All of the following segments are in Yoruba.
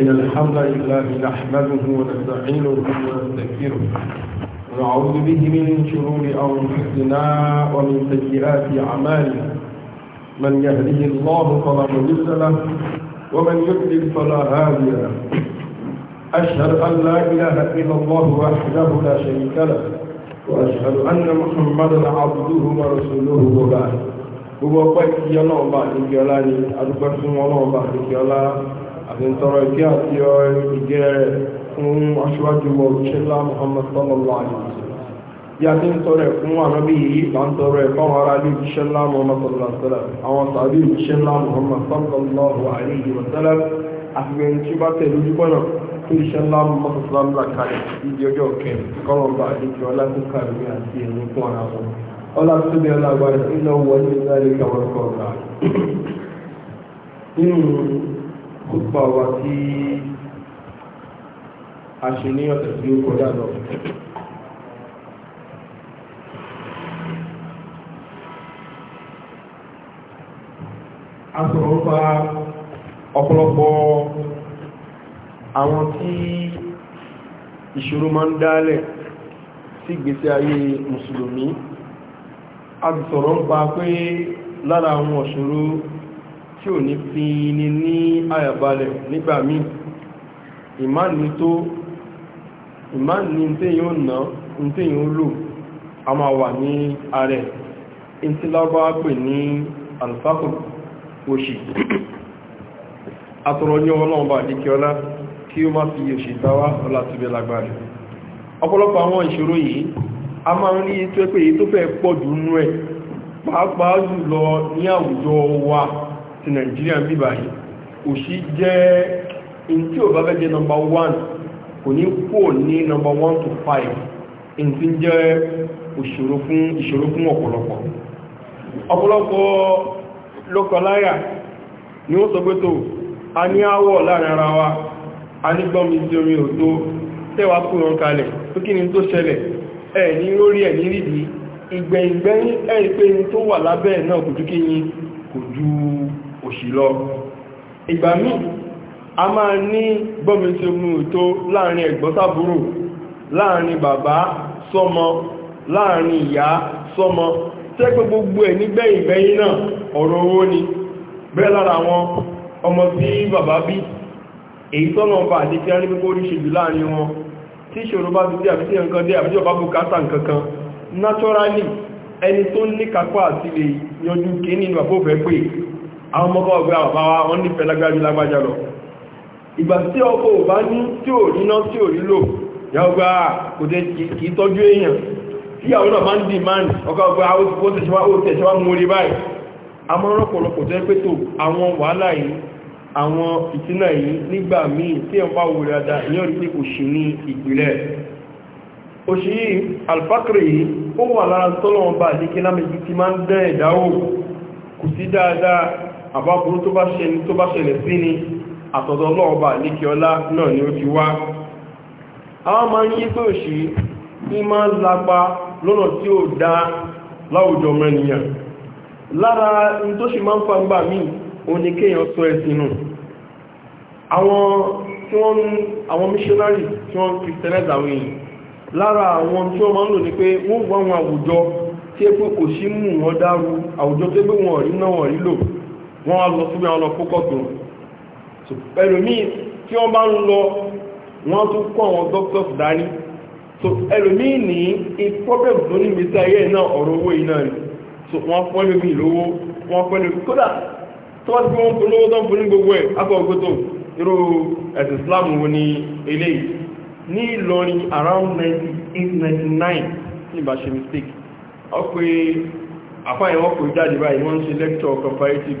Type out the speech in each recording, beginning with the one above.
إن الحمد لله نحمده ونستعينه ونستغفره ونعوذ به من شرور أنفسنا ومن سيئات أعمالنا من يهده الله فلا مضل له ومن يضلل فلا هادي له أشهد أن لا إله إلا الله وحده لا شريك له وأشهد أن محمدا عبده ورسوله وبعد gbogbo ọpẹ́ ìyọ́nà ọba ìgbẹ́ọ́lá ni adúgbẹ́ fún ọlọ́ọ̀ba ìgbẹ́ọ́lá àti ìtọrọ ìdí àti ìgẹ́ fún aṣíwájú ọ̀ṣẹ́lá Muhammad sallallahu alaihi wasallam yà ti ń tọrọ ẹ̀ fún ànábì yìí là ń tọrọ ẹ̀ fáwọn ará ilé ìṣẹ́lá Muhammad sallallahu alaihi wasallam àwọn sàbí ìṣẹ́lá Muhammad sallallahu alaihi wasallam àfihàn tí bá tẹ̀ lójú bọ́nà tó ìṣẹ́lá Muhammad sallallahu alaihi wasallam ìdí ọjọ́ kẹrin kọ́rọ̀ bá àdéjọ alákùnkà mi àti ẹ̀mí fún ara wọn ọlá tó bí ọlá agbára ìlọ wọlé ìlú àríkà wọn kọ̀ọ̀kan kúpa wa tí a ṣe ní ọ̀sẹ̀ tí ó kọjá lọ a sọ̀rọ̀ ń pa ọ̀pọ̀lọpọ̀ àwọn tí ìṣòro máa ń dálẹ̀ sí ìgbésí ayé mùsùlùmí a sọ̀rọ̀ ń pa pé lára àwọn ọ̀ṣòro tí ò ní fi ni ní àyàbalẹ̀ nígbà míì tó ó ó lò a máa wà ní ààrẹ ìtìlábá pè ní alfakùn òṣì ní ọlọ́ọ̀bá àdíkẹ́ọlá kí ó má fi òṣì dáwà ọlá tìbẹ̀ lágbàrí àwọn ìṣòro yìí a máa ń rí tó pé tó fẹ́ nú ẹ̀ pàápàá jùlọ ní àwùjọ wa ti nàìjíríà bí báyìí òṣì jẹ́ in tí ò bá fẹ́ jẹ́ number one kò ní kò ní number one to five in ti jẹ́ ìṣòro fún ọ̀pọ̀lọpọ̀ ọ̀pọ̀lọpọ̀ lọ́kọláyà ni ó sọ pé tó a ní àwọ̀ láàrin ara wa a ní gbọ́mí sí orin òtó tẹ́wàá kú wọn kalẹ̀ tó kí ni tó ṣẹlẹ̀ ẹ̀ ní lórí ẹ̀ ní rídìí ìgbẹ̀yìngbẹ̀yìn ẹ̀ pé ní tó wà lábẹ́ náà kò kí ni kò ju òṣì lọ ìgbà míì a máa ní gbọ́mìtìmù tó láàrin ẹ̀gbọ́sàbúrò láàrin bàbá sọ́mọ láàrin ìyá sọ́mọ tẹ́ pé gbogbo ẹ̀ nígbẹ̀yìngbẹ̀yìn náà ọ̀rọ̀ owó ni bẹ́ẹ̀ lára àwọn ọmọ tí bàbá bí èyí tọ́nà ọba àti tí a ní pípọ́ oríṣẹ́ jù láàrin wọn tí ìṣòro bá ti dé àbí nǹkan dé àbí ọba bùkátà nǹkankan naturally ẹni tó ní kápá àti lè yanjú kí nínú àbófẹ́ pé àwọn ọmọ ọgbẹ́ àbá wa wọ́n ní pẹ̀lágbájú lágbájá lọ ìgbà tí ọkọ̀ ò bá ní tí ò níná tí ò nílò yàgbà kò tẹ́ kìí tọ́jú èèyàn tí àwọn náà máa ń dì máa ń ọkọ̀ ọgbẹ́ ó tẹ̀ṣẹ́wá ó tẹ̀ṣẹ́wá mú orí báyìí àmọ́ rọ́pọ̀lọpọ̀ tẹ́ pé tó àwọn wàhálà yìí àwọn ìtínà yìí nígbà míì alfakiri yìí ó wà lára tọ́lọ́wọ́n bá àdíkẹ́ lámẹ́jì ti máa ń dẹ́ ẹ̀dáwò kò sí dáadáa àbábúrú tó bá ṣẹlẹ̀ tó bá ṣẹlẹ̀ sí ni àtọ̀dọ̀ ọlọ́ọ̀bà níkẹ́ọlá náà ni ó ti wá àwọn máa ń yí pé òṣì ní máa ń lápa lọ́nà tí ó dá láwùjọ mẹ́niyàn lára ní tó ṣe máa ń fangbà míì òun ni kéèyàn sọ ẹ̀sìn nù àwọn missionary tí wọ́n christianize àwọn èèyàn lára àwọn tí wọ́n máa ń lò ní pé wọ́n wọ́n àwùjọ tí é pé kò sí mú wọn dárú àwùjọ tó gbé rí náà rí lò wọ́n wá lọ síbẹ̀ wọn lọ kó kọ́tù tí wọ́n bá ń lọ wọ́n tún kọ́ àwọn doctors dání so ẹlòmíì ní a tó ní gbèsè ayé náà ọ̀rọ̀ owó yìí náà so wọ́n fọ́ lómi lówó wọ́n fọ́ lómi kódà tó wá sí pé wọ́n polówó tó ń fún ní gbogbo ẹ̀ akọ̀ọ̀gbọ́tò irú ẹ̀sìn Islam wo ni eléyìí ní Ìlọrin around 1999 ní ìbáṣe mistake ọ pé àfáyẹ̀wọ́ kò jáde báyìí wọ́n ń ṣe lecture comparative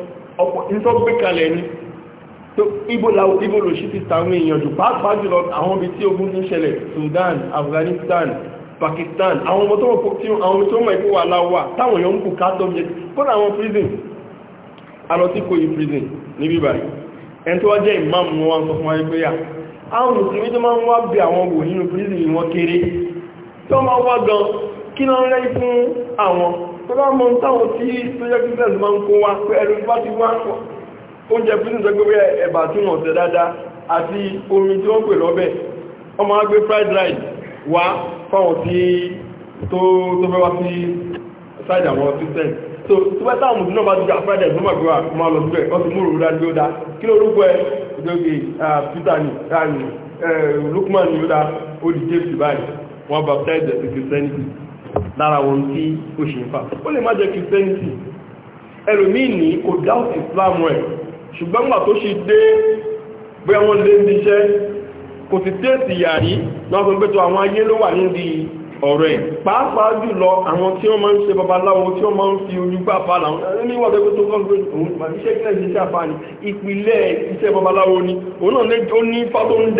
ọ̀pọ̀ ìtọ́ gbé kalẹ̀ ní ibo làwọn ibo lò sí ti tàwọn èèyàn jù pàápàá jùlọ àwọn ibi tí ogun ti ń ṣẹlẹ̀ Sudan Afghanistan Pakistan àwọn ọmọ tó mọ̀ tí àwọn ọmọ tó mọ̀ ìpò wà láwà táwọn èèyàn ń kù káàtọ́ jẹ kọ́nà àwọn prison alọ tí kò yí prison ní bíbà ẹni tó wá jẹ́ ìmáàmù wọn sọ fún wáyé pé à ah, àwọn mùsùlùmí tó máa ń wá bí àwọn wò nínú prison wọn kéré tó máa wá gan tọ́lá mọ́ táwọn tí social business máa ń kó wá pé bá ti wá oúnjẹ business ẹgbẹ́ ẹ̀bà tí wọ́n tẹ̀ dáadáa àti omi tí wọ́n pè lọ́bẹ̀ ọmọ agbé fried rice wá fáwọn tí tó fẹ́ wá sí side àwọn system so tí wọ́n táwọn mùsùlùmí bá ti gba fried rice lọ́mọ̀ gbéra máa lọ síbẹ̀ wọ́n ti mú òrùlá ní ó dá kí ló rúgbọ́ ẹ ìdókè Peter ni Lukman ni ó dá ó lára wọn tí ó ṣe fà ó lè má jẹ́ kìtẹ́ǹtì ẹlòmíì ní kò dáùtì islam rẹ̀ ṣùgbọ́n gbà tó ṣe dé bí wọ́n lé ní iṣẹ́ kò sì tẹ́ẹ̀sì yàrí wọ́n fún pẹ́tọ́ àwọn ayé ló wà níbi ọ̀rọ̀ ẹ̀ pàápàá jùlọ àwọn tí wọ́n máa ń ṣe babaláwo tí wọ́n máa ń fi ojú gbà fà láwọn níwọ̀n tẹ́gbẹ́ tó kọ́ pé òun iṣẹ́ kílẹ̀ iṣẹ́ àfààní ìpìlẹ̀ iṣẹ́ babaláwo ni òun náà ó ní ifá tó ń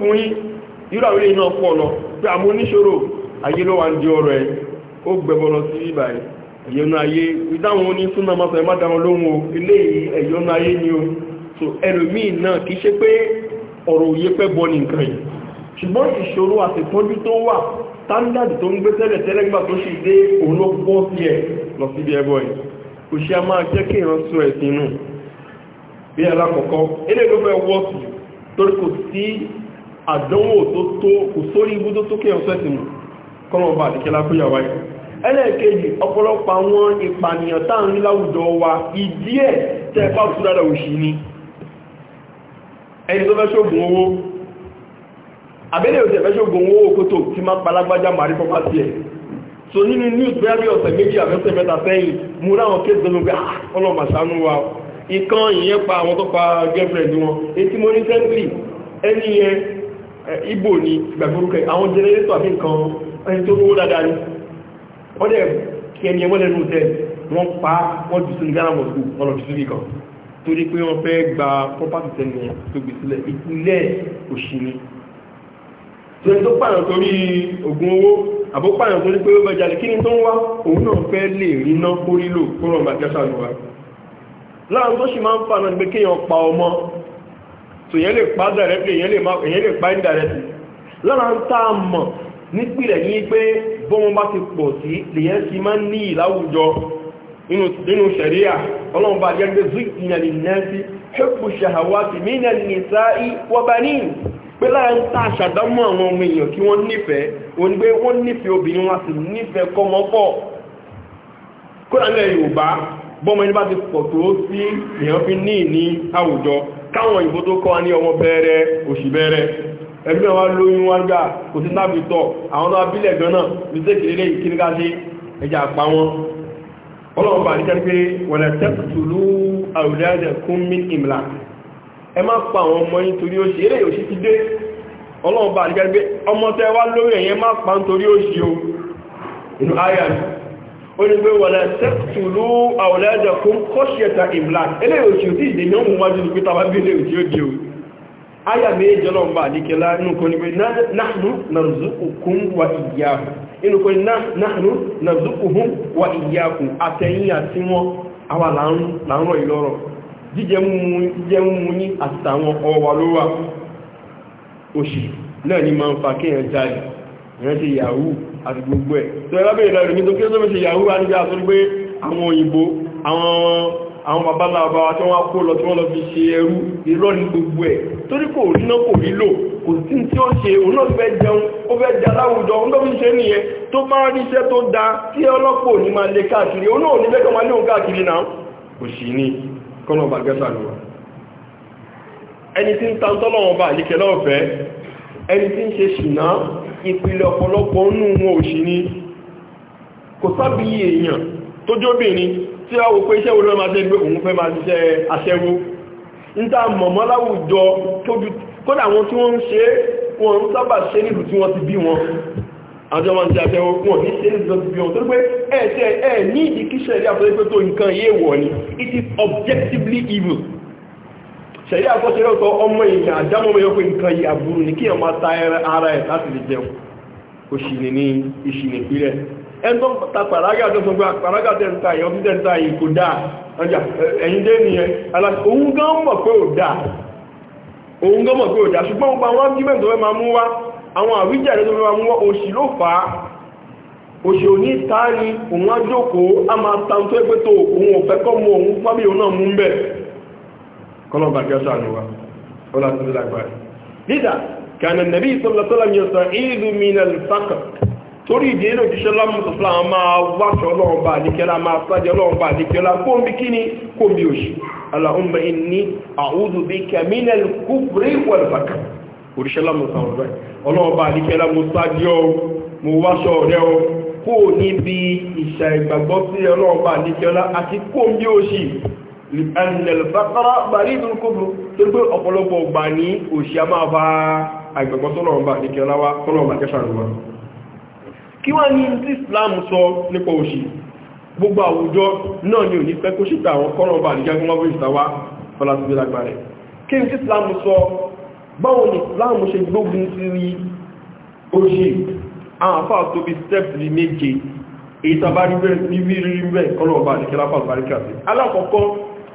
fún yín irú àwọn ilé iná pọ̀ lọ pé àmú oníṣòro ayé ló wà ń di ọ̀rọ̀ ẹ̀ ó gbẹ̀bọ̀ lọ sí ibà ẹ̀ ẹ̀yọ́nú ayé ìdáhùn oní súnà máa sọ̀rọ̀ má dáhùn lóhun o ilé ẹ̀yọ́nú ayé ni o so ẹlòmíì náà kìí ṣe pé ọ̀rọ̀ òye pẹ́ bọ́ ní nǹkan yìí ṣùgbọ́n ìṣòro àtìpọ́njú tó wà tándàdì tó ń gbé tẹ́lẹ̀ tẹ́lẹ̀ nígbà tó ṣe dé òun ló bọ́ sí ẹ̀ lọ síbi ẹbọ ẹ̀ kò ṣe a máa jẹ́ kí ìran sọ ẹ̀sìn nù bí alákọ̀ọ́kọ́ eléyìí ló fẹ́ wọ́ sí torí kò sí àdánwò tó tó kò sórí ibú tó tókè ọ̀sẹ̀ sí mú kọ́rọ̀ bá àdíkẹ́lá kó yàwá ẹ̀ ẹlẹ́ẹ̀kejì ọ̀pọ̀lọpọ̀ àwọn ìpànìyàn tá ń rí láwùjọ wa ìdí ẹ̀ tẹ́ bá tú dára òṣì ni ẹni tó fẹ́ ṣògùn owó àbẹ́lẹ̀ òṣì fẹ́ ṣògùn owó kó tó ti má palágbájá màrí pọ́pá sí ẹ̀ so nínú news bẹ́ẹ̀ bí ọ̀sẹ̀ méjì àbẹ́sẹ̀ mẹ́ta sẹ́yìn mú ráwọn kéèsì lónìí pé ah, ọlọ́mà ṣàánú wa ìkan ìyẹn pa àwọn tó pa girlfriend wọn etí mo ní sẹ́ńtì ẹni yẹn Eh, ibo ni gbàgbórúkẹ àwọn jẹrẹrẹtọ àbí nǹkan ẹni tó rówó dáadáa ni wọ́n dẹ̀ kí ẹni ẹwọ́n lẹ́nu tẹ́ wọ́n pa wọ́n jù sí ní ghana mosque ọ̀nà jù sí nìkan torí pé wọ́n fẹ́ gba property tẹ́lẹ̀ tó gbé sílẹ̀ ìpínlẹ̀ òṣì ni tẹ́lẹ̀ tó pààyàn torí ogun owó àbó pààyàn torí pé ó fẹ́ jalè kí ni tó ń wá òun náà fẹ́ lè rí ná kórí lò kó rọrùn àti ẹ̀ṣà lọ́wọ́ láàrín tó sì máa ń fa náà ni pé kéèyàn so yẹn lè pa directly yẹn lè pa indirectly lára ń tá a mọ̀ nípìlẹ̀ ní pé bọ́n bá ti pọ̀ sí lèyẹn ti máa ń ní ìláwùjọ nínú ṣẹ̀ríà ọlọ́run bá jẹ́ pé zuit ní ẹni nẹ́ẹ̀sì hubbu shahawati min an-nisa'i wa banin pé lára ń tá àṣàdámọ́ àwọn ọmọ ẹni bá ti pọ̀ tó sí èèyàn fi ní ìní àwùjọ káwọn òyìnbó tó kọ́ ní ọmọ bẹ́ẹ̀rẹ̀ òṣì bẹ́ẹ̀rẹ̀ ẹgbẹ́ wa lóyún wá gbà kò sí tábì tọ̀ àwọn tó abílẹ̀ gan náà ní sí ìkìlẹ̀ ìkíní ká sí ẹjà àpá wọn ọlọ́run bá níkẹ́ pé wọ̀lẹ̀ tẹ́kùtùlú àwùdáyàjẹ̀ kún mí ìmìlà ẹ má pa àwọn tẹ́ ó ní pé wọ̀lẹ̀ tẹ́kùtùlú àwọ̀lẹ́dẹ̀ fún kọ́ṣẹ̀ta ìblák eléyìí òṣì tí ìdè ní ọmọ wájú ní pítà bá bí eléyìí tí ó di òun ayà méjì ọlọ́mbà àdíkẹlá inú kò ní pé náànú nàrùzùkùn wa ìyáhùn inú kò ní náànú nàrùzùkùn wa ìyáhùn àtẹ̀yìn àti wọn àwà láńrọ̀ ìlọ́rọ̀ náà ni máa ń fa kéèyàn jáde ìrántí yahoo àti gbogbo ẹ̀ tó ẹlábẹ̀ ìlàrí ní tó kí ó sọ́mọ́ ṣe yàwó wá níbi àtúrí pé àwọn òyìnbó àwọn babaláwa tí wọ́n kó lọ tí wọ́n lọ fi ṣe ẹrú irọ́ ní gbogbo ẹ̀ torí kò ríná kò rílò kò sí tí ó ṣe òun náà fẹ́ jẹun ó fẹ́ jẹ aláwùjọ òun lọ́bí ṣe nìyẹn tó bá rí iṣẹ́ tó dá tí ọlọ́pọ̀ ní máa lè káàkiri òun náà ní lẹ́kọ̀ọ́ máa léhùn káàkiri náà kò sí ní kọ́nà bàgẹ́sà lọ́wọ́ ẹni tí ń ta tọ́lọ́wọ́n bá ẹni tí ń ṣe ṣìnà ìpìlẹ̀ ọ̀pọ̀lọpọ̀ nínú wọn òṣì ni kò sábì èèyàn tó jóbìnrin tí a wò pé iṣẹ́ wo ló máa ṣe pé òun fẹ́ máa ṣiṣẹ́ aṣẹ́wó ń ta mọ̀mọ́ láwùjọ tójú kódà wọn tí wọ́n ń ṣe wọn ń sábà ṣe nílùú tí wọ́n ti bí wọn àjọ wọn ti àṣẹwọ́ wọn ní ṣe nílùú tí wọ́n ti bí wọn tó pé ẹ̀ẹ́tẹ́ ẹ̀ ní ìdíkíṣẹ́ ilé àpẹẹrẹ pé tó nǹkan yé wọ̀ ni it is objectively evil ṣẹ̀rí àkọsílẹ̀ ọ̀tọ̀ ọmọ èèyàn àjámọ́ mẹ́yọ́ pé nǹkan yìí àbúrú ní kí ọmọ ta ara ẹ̀ láti lè jẹun kò sì ní ní ìṣìnì ìpínlẹ̀ ẹni tó ta pàrágà tó sọ pé ah, pàrágà tẹ́ǹta yìí ọdún tẹ́ǹta yìí kò dáa ọjà ẹ̀yìn dé nìyẹn òun gan mọ̀ pé ò dáa òun gan mọ̀ pé ò dáa òṣì ò ní ta òun á jókòó máa ta tó ẹgbẹ́ tó òun ò fẹ́ mú òun fábíyàn náà mú bẹ́ẹ̀ kọlọ̀bà kí ọ sáà níwá ọlá tó ti lágbàá dídà kànà nàbí ìsọ́lọ́sọ́lá mi ọ̀sán ìlú mi nà lùfàkà torí ìdí inú òjíṣẹ́ lámùsọ̀fúnlá a máa wáṣọ ọlọ́ọ̀bà àdíkẹ́lá máa sájẹ́ ọlọ́ọ̀bà àdíkẹ́lá kóòmí kíní kóòmí òṣì aláhùnmá ìní àwúdù bí kẹmínà kúbrí wọ̀lùfàkà òjíṣẹ́ lámùsọ̀fúnlá ọlọ́ọ̀bà àdíkẹ́lá mo sájẹ́ ọ mo wáṣọ ọ̀rẹ́ ọ kó níbi ìṣà ìgbàgbọ́ sí ọlọ́ọ̀bà ìlẹ̀lẹ̀fẹ́kọ́rọ́ gbàrí ìdúrú kóbùrú tó gbé ọ̀pọ̀lọpọ̀ ọgbà ní òṣì a máa fa àgbẹ̀gbọ́ tọ́lọ̀ọ̀bà ní kẹláwá tọ́lọ̀ọ̀bà kẹsàrùwá kí wá ní tí Islam sọ nípa òṣì gbogbo àwùjọ náà ni ò ní fẹ́ kó ṣíta àwọn kọ́lọ̀ọ̀bà ní jágúnmọ́bù ìsàwá fọlásíbílágbàrẹ̀ kí ní tí Islam sọ báwo ni Islam ṣe gbógun ti rí òṣì àwọn àfáà tó bí steps ní méje èyí tàbá rí bẹ́ẹ̀ kọ́lọ̀ọ̀bà ní kẹláwá fọlásíbílágbàrẹ̀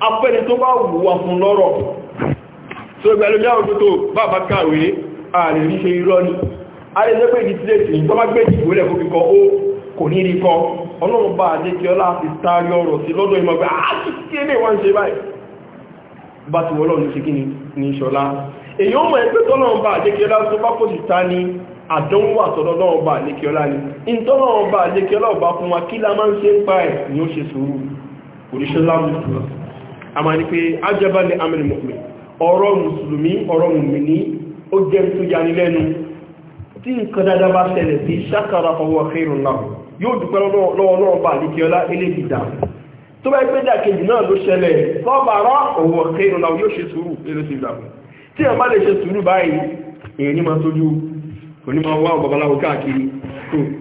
afẹ́ni tó bá wùwà fún lọ́rọ̀ tó ìgbẹ̀lójá òjò tó bàbá kàwé ààrẹ ríṣe irọ́ ni a lè lẹ́gbẹ̀ ìdí sílẹ̀ tí tọ́bá gbé ìwé rẹ̀ fún kíkọ ó kò ní ríkọ ọlọ́run bá àdé kí ọlá ti tààrí ọ̀rọ̀ sí lọ́dọ̀ ah, ni ṣọ́lá èyí ó mọ̀ ẹgbẹ́ tọ́lọ́run bá àdé kí ọlá tó bá kò sì ta ní àdánwò àtọ́lọ́lọ́run bá àdé kí ọlá ni ìtọ́lọ́run bá àdé ọba fún wa kí la máa ń ṣe ń pa ẹ̀ ni ó ṣe sùúrù oríṣẹ́lá mùsùlùmí a máa ní pé ajaba ní amil mu'min ọ̀rọ̀ mùsùlùmí ọ̀rọ̀ mùmìní ó jẹ́ tó yani lẹ́nu tí nǹkan dáadáa bá ṣẹlẹ̀ sí ṣakara fọwọ́ khairun náà yóò dúpẹ́ lọ́wọ́ náà bá àdíkíọlá eléjì dà tó bá gbé dàkejì náà ló ṣẹlẹ̀ sọ́bàárọ̀ ọ̀wọ̀ khairun náà yóò ṣe sùúrù eléjì dà tí a bá lè ṣe sùúrù báyìí èyí ní máa tójú kò ní máa wá ọ̀bàbáláwò káàkiri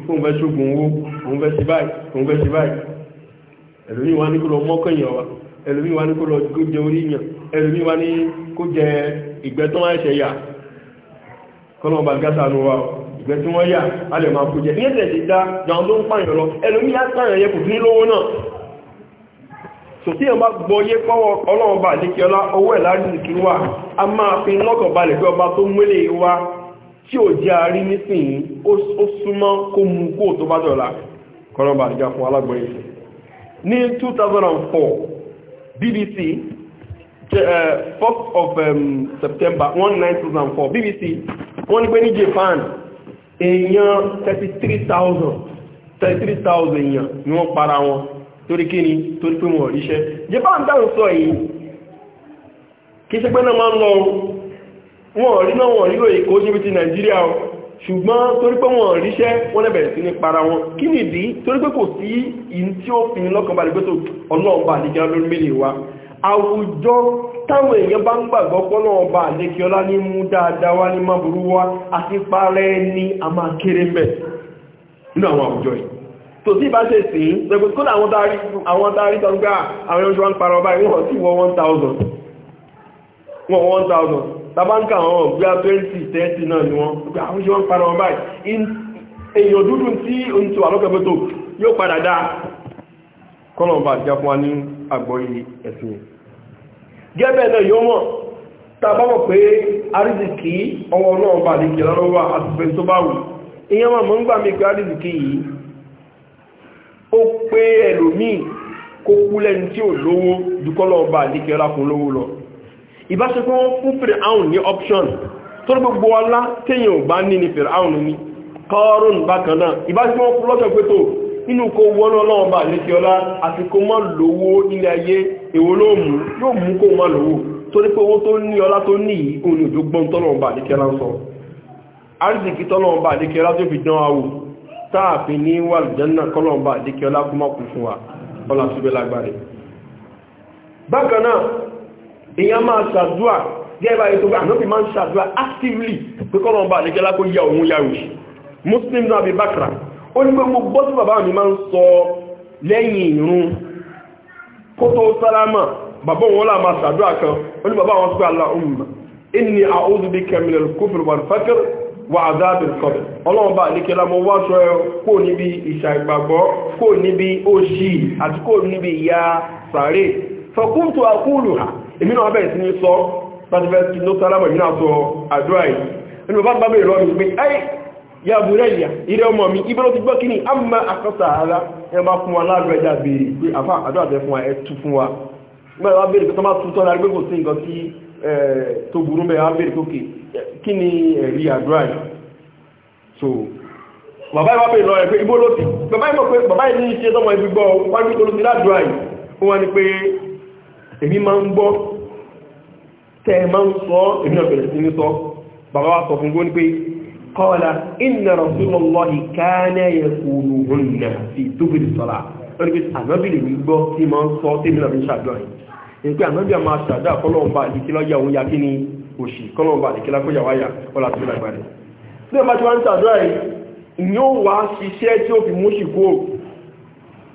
mọ́kànlẹ̀ wa ẹlòmí wa ní kó lọ kó jẹ orí yàn ẹlòmí wa ní kó jẹ ìgbẹ́ tó máa ṣẹ̀ yà kọ́nà ọba gásà nù wa ìgbẹ́ tí wọ́n yà á lè máa kó jẹ ìyẹn tẹ̀sí dá jàun tó ń pààyàn lọ ẹlòmí á pààyàn yẹ kò sí lówó náà sòtí ọba gbọ́yé pọ́wọ́ ọlọ́run bá ní kí ọlá owó ẹ̀ láàrin kí ní 2004 BBC uh, 4th of um, September 1904 BBC wọ́n ní pé ní Japan èèyàn 33,000 33,000 èèyàn ni wọ́n para wọn torí kí ni torí pé wọ́n ríṣẹ́ Japan dáhùn sọ èyí kí ṣe pé náà máa ń lọ wọ́n rí náà wọ́n rí lóyìn kó ṣe bí ti Nàìjíríà ṣùgbọ́n torí pé wọ́n ríṣẹ́ wọ́n lẹ́bẹ̀rẹ̀ sí ní para wọn kí ni ìdí torí pé kò sí in tí ó fi lọ́kàn balẹ̀ pẹ́tò ọlọ́ọ̀bà àdíkẹ́lá lórí mẹ́lẹ̀ wa àwùjọ táwọn èèyàn bá ń gbàgbọ́ pọ́nà ọba àdékiọlá ní mú dáadáa wá ní máburú wá àti parẹ́ ní a máa kéré mẹ́ nínú àwọn àwùjọ yìí tò tí bá ṣe sí rẹ̀gbẹ̀ kó àwọn darí tọ́gbà àwọn ẹ̀ṣọ́ ah, ń parọ́ báyìí wọ́n sí wọ́n 1000 tàbánkà wọn gbá 20 30 náà ni wọ́n gbá àwọn ṣe wọ́n para wọn báyìí èyàn dúdú tí oun tó àlọ́kẹ̀ẹ́tò yóò padà dáa kọ́nà bá jẹ́ fún wa ní àgbọ́yé ẹ̀sìn gẹ́bẹ̀ náà yóò mọ̀ tàbámọ̀ pé àrísìkí ọwọ́ náà bá lè jẹ́ lọ́wọ́ àtùfẹ́ tó bá wù ìyẹn wọn mọ̀ ń gbà mí pé ìbáṣepọ̀ wọn fún fìrìhàn ní option tó rí gbogbo ọlá téèyàn ò bá ní ni fìrìhàn ní kọ́ọ̀rùn bákan náà ìbáṣepọ̀ wọn fún lọ́kàn pé tó inú kó wọ́n ọlọ́run bá lè fi ọlá àti kó mọ́ lówó ilé ayé èwo ló mú yóò mú kó mọ́ lówó torí pé owó tó ní ọlá tó ní yìí òun ò dógbọ́n tọ́lọ́run bá lè kí ọlá ń sọ àrísìkí tọ́lọ́run bá lè kí ọlá tó fi dán àwò táàfin ní wà lùjánà kọ́lọ́run bá lè kí ọlá kó èèyàn máa ṣàdúà gẹ́gbà ètò ànọ́bì máa ń ṣàdúà actively pé kọ́nà ọba àlejẹ́lá kó yà òun yà òṣì muslim náà bí bákra ó ní pé mo gbọ́ tí bàbá mi máa ń sọ lẹ́yìn ìrun kó tó sálámà bàbá wọn láà máa ṣàdúà kan ó ní bàbá wọn pé Allahumma inni a'udhu bika minal kufri wal fakr wà àdábì kọ̀bẹ̀. ọlọ́run bá àdíkẹ́lá mọ́ wáṣọ ẹ kó níbi ìṣà ìgbàgbọ́ kó níbi òṣì àti kó níbi ìyà sàárè fọkúntù àkúlù ha èmi náà bẹ̀rẹ̀ sí ní sọ láti fẹ́ tí ló sálámọ̀ ìmìnà sọ àdúrà yìí ẹni bàbá bàbá ìrọ̀ mi pé ẹ́ ya bùrẹ́yà ìrẹ́ ọmọ mi ibẹ́ ló ti gbọ́ kí ni a máa àkọsà ara ẹ máa fún wa láàrẹ́jà béèrè pé àfá àdúrà tẹ fún wa ẹ tú fún wa mẹ́rin wá béèrè pé tọ́má tún tọ́ra gbé kò sí nǹkan tí tó burú mẹ́rin ni so bàbá ìwà bèèrè lọ́rẹ̀ pé ibó ló ti bàbá ìmọ̀ pé bàbá ìní ṣe tọ́mọ ibi gbọ́ wájú tó ló pé èmi máa ń gbọ́ tẹ́ ẹ máa ń sọ èmi náà bẹ̀rẹ̀ sí ní sọ bàbá wa sọ fún gbóni pé kọ́ọ̀lá inna rasulullahi kana yaquluhunna fi duburi salat lórí pé ànábì lè gbọ́ tí máa ń sọ tèmi náà fi ń ṣàdúrà pé ànábì àmà ṣàdá kọ́lọ́ọ̀bà àdìkílọ́ òun ya kí tó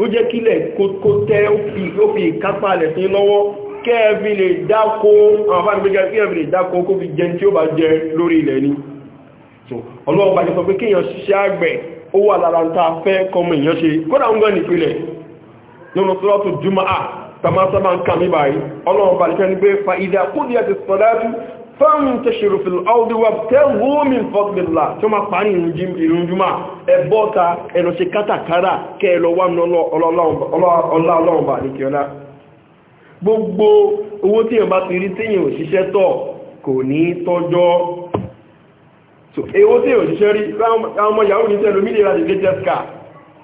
ó jẹ́ kílẹ̀ kó tẹ́ ó fi ìkápá rẹ̀ sí lọ́wọ́ kẹ́ẹ̀fì lè dákó àwọn afẹ́gbẹ́gbẹ́ kẹ́ẹ̀fì lè dákó kó fi jẹ tí ó bá jẹ lórí ilẹ̀ ni ọlọ́wọ́ bá jẹ́ sọ pé kíyàn ṣiṣẹ́ àgbẹ̀ ó wà lára ta fẹ́ kọmọ èèyàn ṣe kódà ń gbọ́n nípìnlẹ̀ nínú sọ́lọ́tù jùmọ́ à tàmásábà ń kà mí báyìí ọlọ́wọ́ bá jẹ́ pé fa ìdàkúdíyà ti sọ́dájú fẹ́ǹtẹ̀ṣìrò fìlọ́ọ̀díwà tẹ́wò min fọ́gbìlá tí ó máa parí ìrìnjúmá ẹ̀bọ́ta ẹ̀nọ̀ṣe kátàkárà kẹ́ẹ̀lọ wà ọlọ́ọ̀bà nìkẹ́ọ́lá gbogbo owó tí ẹ̀bá ti rí tíyàn òṣìṣẹ́ tọ̀ kò ní tọ́jọ́ owó tí òṣìṣẹ́ rí ọmọ yahoo ní tẹ́lú mílíọ̀nà the latest car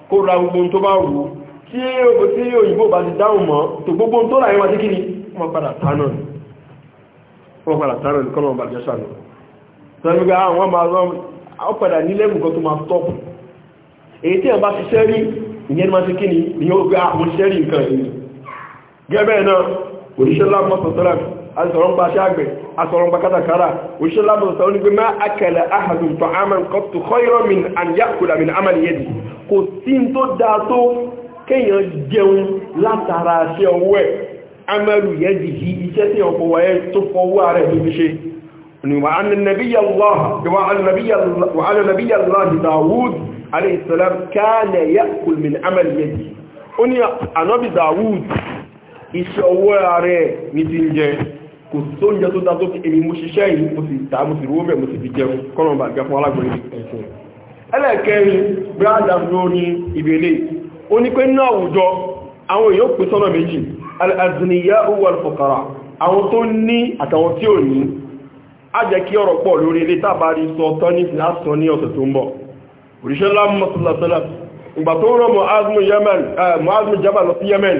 kó ra gbogbo tó bá wù tí òyìnbó bá ti dáhùn mọ́ tó gbogbo tó rà yẹn kí ni wọ́n padà tánà Ah, wọ́n padà sáré ní kọ́lọ̀ bàjẹ́ sànú tọ́lú gbé àwọn máa rán ọ padà ní lẹ́gùn kan tó máa tọ́ èyí tí ẹ̀ bá ṣiṣẹ́ rí ìyẹn máa ti kí ni ni ó gbé àwọn ah, ṣiṣẹ́ rí nǹkan yìí gẹ́gẹ́ náà òṣìṣẹ́ lámọ́sọ̀tọ́lá asọ̀rọ̀mpa ṣe àgbẹ̀ asọ̀rọ̀mpa kátàkárà òṣìṣẹ́ lámọ́sọ̀tọ́lá ní pé má akẹlẹ̀ ahàdùn tọ́ àmàn kọ́tù kọ́yọ́rọ̀ mi àyàkùlà mi àmàlì yẹ́dì kò tí ń tó dáa tó kéèyàn jẹun látara ṣe ọwọ́ ẹ̀ amalu yẹ́dì yí iṣẹ́ tí ọkọ̀ wáyé tó fọwọ́ rẹ̀ tó fi ṣe wa annabiya allah dawud alaihissalam kana ya'kul min amal yadi ó ní anabi dawud iṣẹ́ ọwọ́ rẹ̀ ní ti ń jẹ kò tó ń jẹ tó dátó kí èmi mú ṣiṣẹ́ yìí mo sì tà mo sì rówó bẹ̀ mo sì fi jẹun kọ́nà gẹ́ fún alágbèrè ẹ̀sùn ẹlẹ́ẹ̀kẹ́rin brad abdul ìbẹ̀lẹ̀ ó ní àwùjọ àwọn èèyàn pè sọ́nà méjì al-azniya'u wal-fuqara àwọn tó ní àtàwọn tí ò ní á jẹ́ kí ọ̀rọ̀ pọ̀ lórí ilé tàbárí sọ tán ní ìlàsọ ní ọ̀sẹ̀ tó ń bọ̀ òrìṣẹ́ lámọ́sọ̀lọ́sọ́lá ìgbà tó rọ Mu'adh bin lọ sí Yemen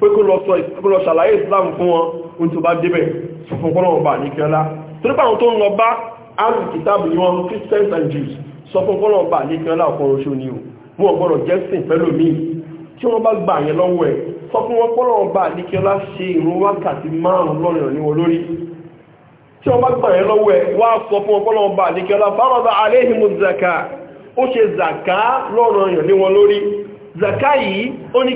pé kó lọ ṣàlàyé Islam fún wọn ohun tó bá débẹ̀ sọ fún kọ́nà ọba àníkẹ́lá torípa àwọn tó ń lọ bá àrùn kìtàbù ni wọ́n Christians and Jews sọ fún kọ́nà ọba àníkẹ́lá ọ̀kan oṣù ni ò wọ́n gbọ́dọ̀ jẹ́sìn pẹ̀lú mi tí wọ́n bá gbà yẹn lọ́wọ́ ẹ̀ sọ fún wọn pọ́lọ̀ ọba àdíkẹ́lá ṣe ìrun wákàtí márùn-ún lọ́rọ̀ ní wọn lórí tí wọ́n bá gbà yẹn lọ́wọ́ ẹ̀ wá sọ fún wọn pọ́lọ̀ ọba àdíkẹ́lá farada alayhimu zaka ó ṣe zaka lọ́rọ̀ ní wọn lórí zaka yìí ó ní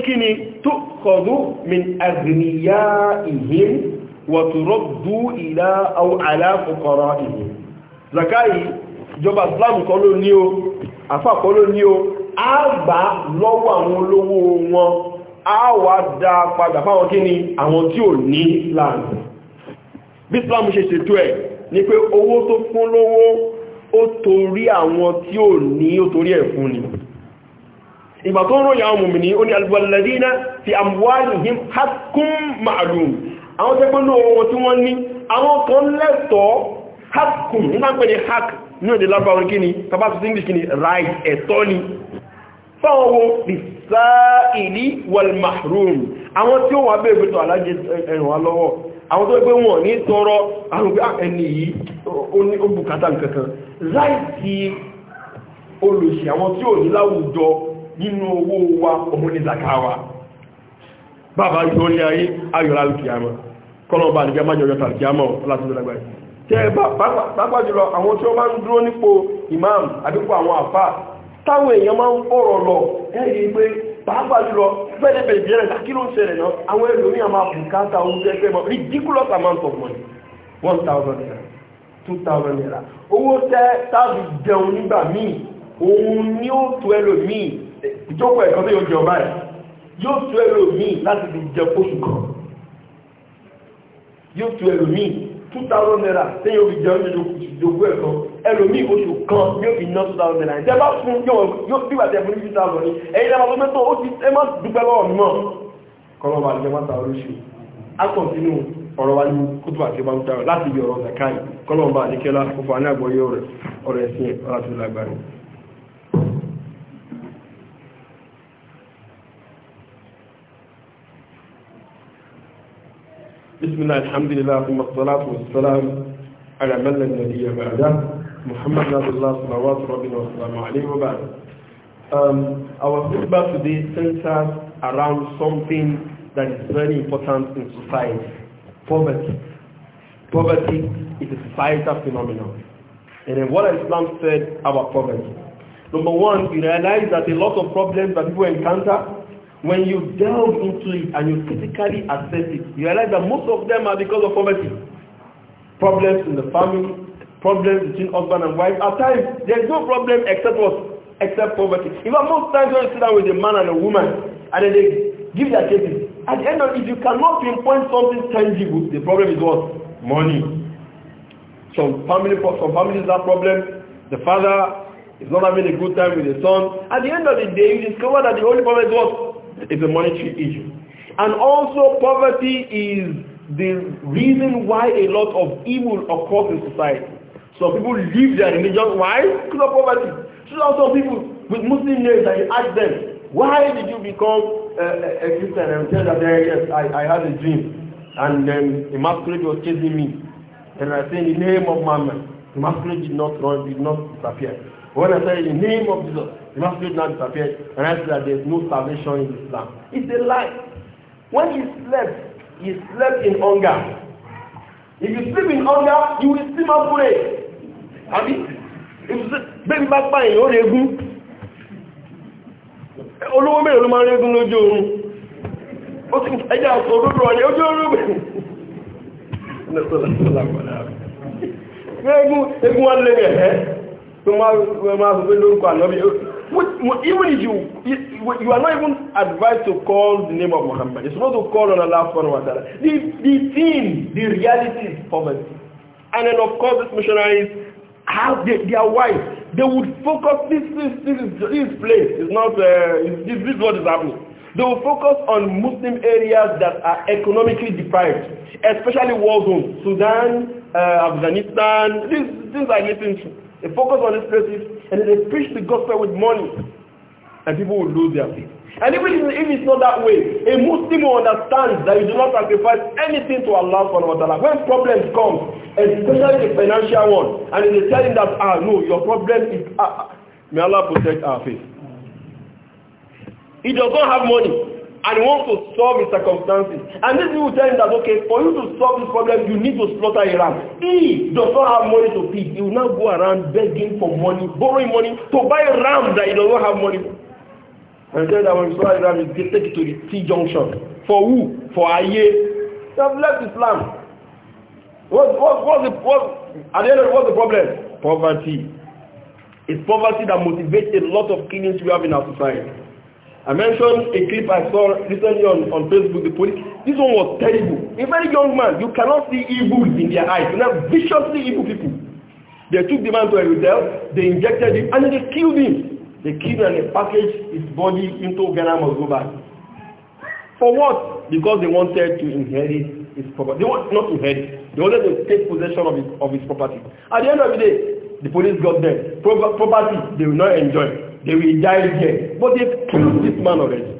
a wà dá padà fáwọn kí ni àwọn tí ò ní láàrín bí Islam ṣe ṣètò ẹ̀ ni pé owó tó fún lówó ó torí àwọn tí ò ní ó torí ẹ̀ fún ni ìgbà tó ń ròyìn àwọn mùmìnì ó ní alìbàlẹ̀dínà fi amwalihim haqqun ma'lum àwọn tẹ́ pẹ́ lówó wọn tí wọ́n ní àwọn kan lẹ́tọ̀ọ́ haqqun nígbà pẹ́ ni hak ní èdè lábáwọn kí ni tabbatus english kí ni right ẹ̀tọ́ ni sáìlì wàlmàrún àwọn tí ó wà bèèrè tó alájẹ ẹ̀rùn alọ́wọ́ àwọn tó gbé wọn ní tọrọ àwọn pé ah, ẹni yìí ó ní òbùkátà nǹkankan láìsí olùsì àwọn tí ò ní láwùjọ nínú owó wa òun ní zakawa bàbá yóò ní ayé ayọ̀lá alkiyama kọ́lọ̀bà àdìgbà májọ̀ yọta alkiyama láti ìdàgbàyì tẹ́ pàápàá jùlọ àwọn tí ó bá ń dúró nípò imam àbíkò àwọn àfáà táwọn èèyàn máa ń bọ̀rọ̀ lọ ẹ̀rí pé pàápàá jùlọ fẹ́lẹ̀ bẹ̀rẹ̀ rẹ̀ kí ló ń ṣẹlẹ̀ náà àwọn ẹlòmíà máa bùkátà oúnjẹ pẹ́ mọ́ ridiculous amount of money one thousand naira two thousand naira owó tẹ́ tàbí jẹun nígbà míì òun ni ó tu ẹlòmíì ìjókòó ẹ̀kan tó yóò jẹun báyìí yóò tu ẹlòmíì láti fi jẹ oṣù kan yóò tu ẹlòmíì two thousand naira téèyàn fi jẹun ní ìjogún ẹ̀kan ẹlòmíì oṣù kan yóò fi ná two thousand naira ìjẹba fún yóò bí wàtí ẹ̀fún ní two thousand ní ẹ̀yìn lẹ́wọ̀n tó mẹ́tọ́ ó ti ẹ má dúpẹ́ lọ́wọ́ mi mọ́ kọ́lọ́ wa jẹ́ mọ́ta olóṣù á kàn sínú ọ̀rọ̀ wa ní kútùbà tí ó bá ń tayọ̀ láti ibi ọ̀rọ̀ zakai kọ́lọ́ wa ní kẹ́lá fúnfà ní àgbọ̀yé ọ̀rẹ́ ẹ̀sìn ọ̀rọ̀ àti ìlàgbà بسم الله الحمد لله ثم الصلاة والسلام على من لا بعده محمد رسول الله صلوات ربنا وسلامه عليه وبعد Um, our khutbah today centers around something that is very important in society, poverty. Poverty is a societal phenomenon. And then what Islam said about poverty. Number one, we realize that a lot of problems that people encounter when you delve into it and you critically assess it, you realize that most of them are because of poverty. Problems in the family, problems between husband and wife. At times, there's no problem except what? Except poverty. In fact, most times when you sit down with a man and a woman, and then they give their cases, at the end of it, if you cannot pinpoint something tangible, the problem is what? Money. Some family, some families have problems. The father is not having a good time with the son. At the end of the day, you discover that the only problem is what? is a monetary issue. And also poverty is the reason why a lot of evil occurs in society. So people leave their religion. Why? Because of poverty. So also people with Muslim names, I ask them, why did you become uh, a Christian? And tell them, yes, I, I had a dream. And then the masquerade was chasing me. And I say, in the name of Mammon, the masquerade did not run, did not disappear. When I say, in the name of Jesus, The masquerade now disappeared and I said that there's no salvation in Islam. It's a lie. When he slept, he slept in hunger. If you sleep in hunger, you will still masquerade. Abi? If you sleep, baby back by your egun. Olówó mélòó ló máa ń régún lójú oorun? Ó ti ẹja ọ̀sán olóòrùn ọ̀nà ojú oorun. Egun egun wa lè rẹ̀ ẹ́ tó máa sọ pé lórúkọ ànábì even if you, you are not even advised to call the name of Muhammad. You're supposed to call on Allah subhanahu wa ta'ala. The, the thing, the reality is poverty. And then of course these missionaries have they, their wives. They would focus, this, this, this, is, this place is not, uh, this, this is what is happening. They will focus on Muslim areas that are economically deprived, especially war zones, Sudan, uh, Afghanistan, these things I listen to. they focus on these places and they preach the gospel with money and people will lose their faith. And even if it's not that way, a Muslim will understand that you do not sacrifice anything to Allah subhanahu wa ta'ala. When problems come, especially the financial one, and they tell him that, ah, no, your problem is, ah, ah may Allah protect our faith. He does not have money and he wants to solve his circumstances. And this people tell him that, okay, for you to solve this problem, you need to slaughter a ram. He does not have money to feed. He will now go around begging for money, borrowing money to buy a ram that he does not have money for. And tell that when he slaughter a ram, take it to the T-junction. For who? For Aye. They have left Islam. What, what, what's the, what, at the end of it, what's the problem? Poverty. It's poverty that motivates a lot of killings we have in our society. I mentioned a clip I saw recently on, on Facebook. The police. This one was terrible. A very young man, you cannot see evil in their eyes. You know, viciously evil people. They took the man to a hotel, they injected him, and they killed him. They killed and they packaged his body into Ghana Mozuba. For what? Because they wanted to inherit his property. They want not to inherit. They wanted to take possession of his, of his property. At the end of the day, the police got them. Pro property, they will not enjoy. They will die here. But they've killed this man already.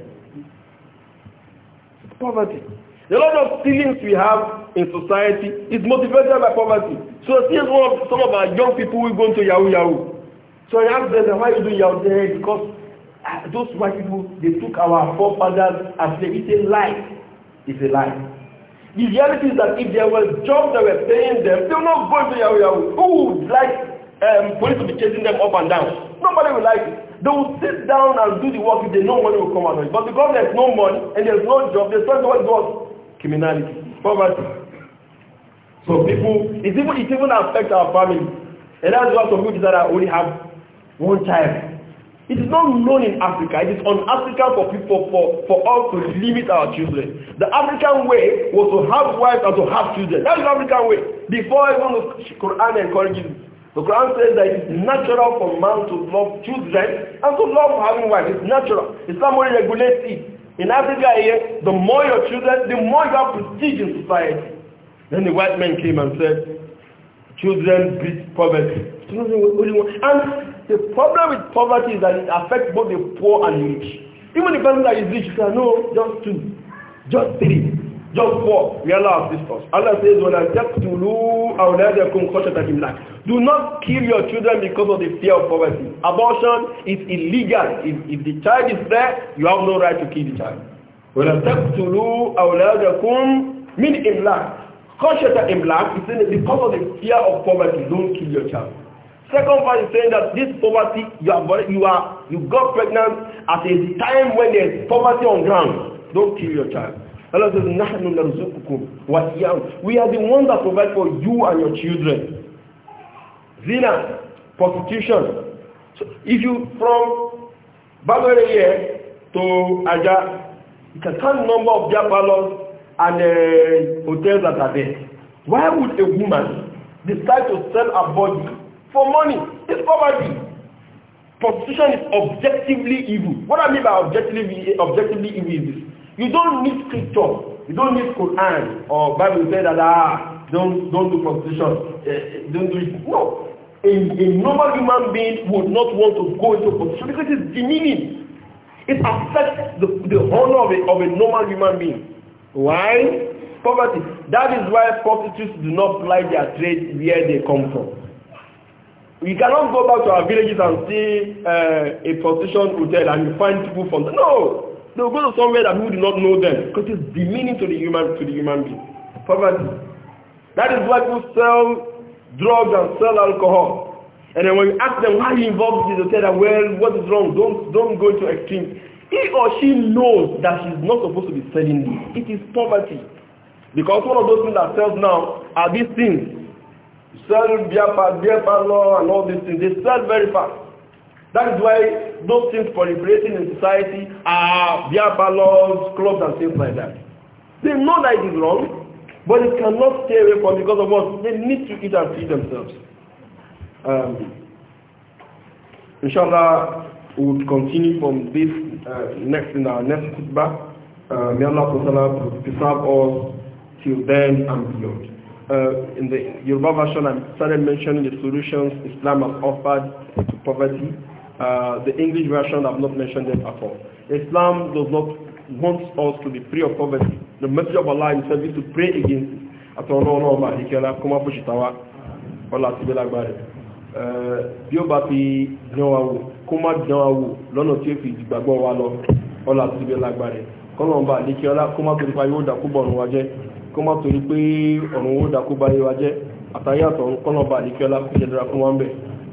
Poverty. A lot of feelings we have in society is motivated by poverty. So since one of, some of our young people who go into Yahoo Yahoo. So I ask them, why you doing Yahoo there? Because ah, those white people, they took our forefathers and they it's a lie. It's a lie. The reality is that if there were jobs that were paying them, they would not go to Yahoo Yahoo. Who would like um, police to be chasing them up and down? Nobody would like it. They will sit down and do the work if they know money will come out of it. But because there's no money and there's no job, they start doing what? Criminality, poverty. So people, it even, it even affects our family. And that's why some people that I only have one child. It is not known in Africa. It is on Africa for people for, for us to limit our children. The African way was to have wives and to have children. That is the African way. Before even the Quran encourages The Quran says that it's natural for man to love children and to love having wife. It's natural. It's not regulate regulated. In Africa here, the more your children, the more you have prestige in society. Then the white man came and said, children beat poverty. And the problem with poverty is that it affects both the poor and the rich. Even the person that is rich, you say, no, just two, just three. John 4, we allow this Allah says, When I to Do not kill your children because of the fear of poverty. Abortion is illegal. If, if the child is there, you have no right to kill the child. When I تَقْتُلُوا أَوْلَادَكُمْ مِنْ إِمْلَاكٍ Khashata Imlak is saying that because of the fear of poverty, don't kill your child. Second part is saying that this poverty, you are, you are you got pregnant at a time when there is poverty on ground. Don't kill your child. Allah says, Nahnu narzuqukum wa We are the ones that provide for you and your children. Zina, prostitution. So if you from Bangladesh to Aja, you can count number of their and uh, hotels that are there. Why would a woman decide to sell her body for money? It's poverty. Prostitution is objectively evil. What I mean by objectively, objectively evil is this You don't need scripture. You don't need Quran or Bible say that ah, don't don't do prostitution. Uh, don't do it. No. A, a normal human being would not want to go into prostitution because it's demeaning. It affects the, the honor of a, of a normal human being. Why? Poverty. That is why prostitutes do not ply their trade where they come from. We cannot go back to our villages and see uh, a prostitution hotel and you find people from the... No! They will go to somewhere that people do not know them because it's demeaning to the human to the human being. Poverty. That is why people sell drugs and sell alcohol. And then when you ask them why you involved in this, they tell them, well, what is wrong? Don't don't go to extremes. He or she knows that she's not supposed to be selling this. It is poverty. Because one of those things that sells now are these things. sell beer, beer parlor and all these things. They sell very fast. That is why those things proliferating in society are beer ballots, clubs, and things like that. They know that it is wrong, but it cannot stay away from because of what they need to eat and feed themselves. Um, inshallah, we will continue from this uh, next in our next khutbah. Uh, may Allah preserve us till then and beyond. Uh, in the Yoruba version, I started mentioning the solutions Islam has offered to poverty. Uh, the English version have not mentioned them at all. Islam does not want us to be free of poverty. The message of Allah himself is to pray against it. Àtọ̀nà ọ̀nà ọba ìkẹ́lá kó má bó ọlá àti ìbẹ́lágbá rẹ̀. Uh, bí ó bá fi dán wò, kó má dán wò lọ́nà tí ó fi ìgbàgbọ́ wa lọ ọlá àti ìbẹ́lágbá rẹ̀. Kọ́nà ọba ìkẹ́lá kó má torí yóò dàkú ọ̀run wa jẹ́, má torí pé ọ̀run ó dàkú bá yé Àtàyàtọ̀ kọ́nà ọba ìkẹ́lá kó fún wa ń bẹ̀.